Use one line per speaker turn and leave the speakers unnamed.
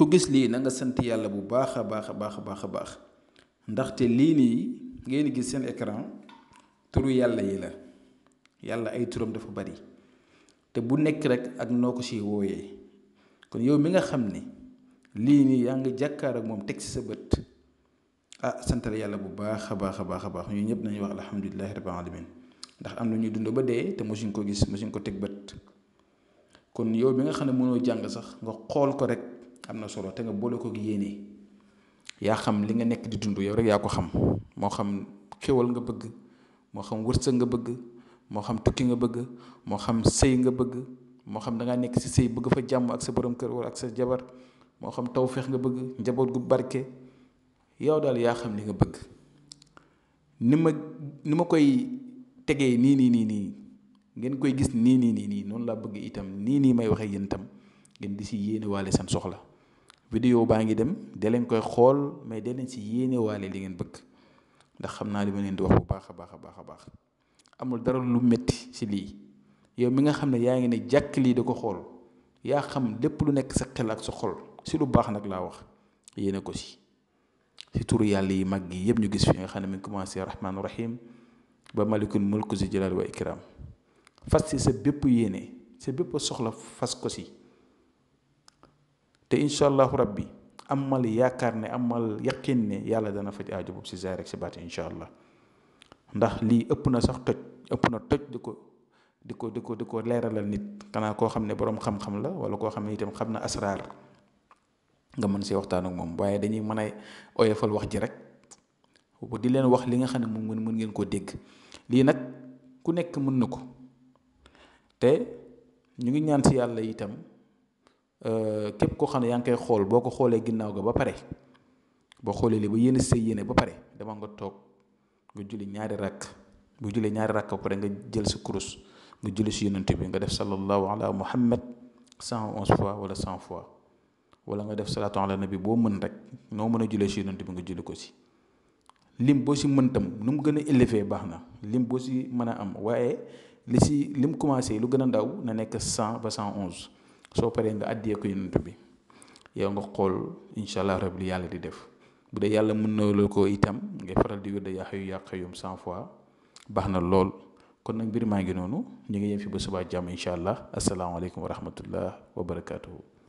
ku gis li na nga sant yalla bu baakha bah. baakha baakha baax ndax te li ni ngeen gis sen écran turu yalla yi la yalla ay turum dafa bari te bu nek rek ak noko ci woyé kon yow mi nga li ni ya nga jakkar ak mom tek si sa beut ah sant yalla bu bah, baakha bah, a baax a baax ñun wax alhamdullilah rabbil alamin ndax am ñu dund ba dé te mosuñ ko gis mosuñ ko tek beut kon yow mi nga xamne mëno jang sax nga xol ko rek am na solo te nga boole ko yéene yaa xam li nga nekk di dund yow rek yaa ko xam moo xam xéwal nga bëgg moo xam wërsëg nga bëgg moo xam tukki nga bëgg moo xam sëy nga bëgg moo xam da ngaa nekk si sëy bëgg fa jàmm ak sa borom kër wala ak sa jabar moo xam taw feex nga bëgg njaboot gu barke yow daal yaa xam li nga bëgg ni ma koy tegee nii nii nii nii ngeen koy gis nii nii nii nii noonu laa bëgg itam nii nii may waxee yéen itam ngeen di si yéene waale seen soxla vidéo baa ngi dem de leen koy xool mais de leen si yéene waale li ngeen bëgg ndax xam naa li ma leen di wax bu baax a baax a baax a baax amul dara lu metti si lii yow mi nga xam ne yaa ngi ne jàkk lii da ko xool yaa xam lépp lu nekk sa xel ak sa xol si lu baax nag laa wax yéene ko si si turu yàlla yi mag yi yëpp ñu gis fi nga xam ne mi ngi commencé rahmaanu rahim ba malikul mulku si jalaal wa ikram fas si sa bépp yéene sa bépp soxla fas ko si te inshallah rabbi amal yakarne amal yaqin yalla dana faj aajo boobu si zaay rek ci baati inshallah ndax li epp na sax tej epp na tej diko diko diko diko leralal ko kana ko xamne borom xam-xam la wala ko xamne itam xamna asrar nga man ci waxtan ak mom waye dañuy manay a wax ji rek bu di len wax li nga xamne ne mën ngeen ko deg li nak ku nek mën nako te ñu ngi ñaan ci yalla itam Euh, képp koo xam ne yaa ngi koy xool boo ko xoolee ginnaaw ga ba pare boo xoolee li ba yéene sa yéene ba pare dama nga toog nga julli ñaari rakk bu julli ñaari rakk ba pare nga jël sa kurus nga julli si yonent bi nga def sallallahu ala muhammad cent onze fois wala cent fois wala nga def salatu ala nabi boo mën rek noo mën a jullee si bi nga julli ko si lim boo si mën tam nu mu gën a élevé baax na lim boo si mën a am waaye li si lim commencé lu gën a ndaw na nekk cent ba cent onze soo paree nga àddee ko yonent bi yow nga xool incha allah rab yàlla di def bu dee yàlla mën na itam ngay faral di wédda yaxayu yàqayum cent fois baax na lool kon nag mbir maa ngi noonu ñu ngi yem fi ba subaa jàmm incha allah asalaamaaleykum wa rahmatullah wa barakatuhu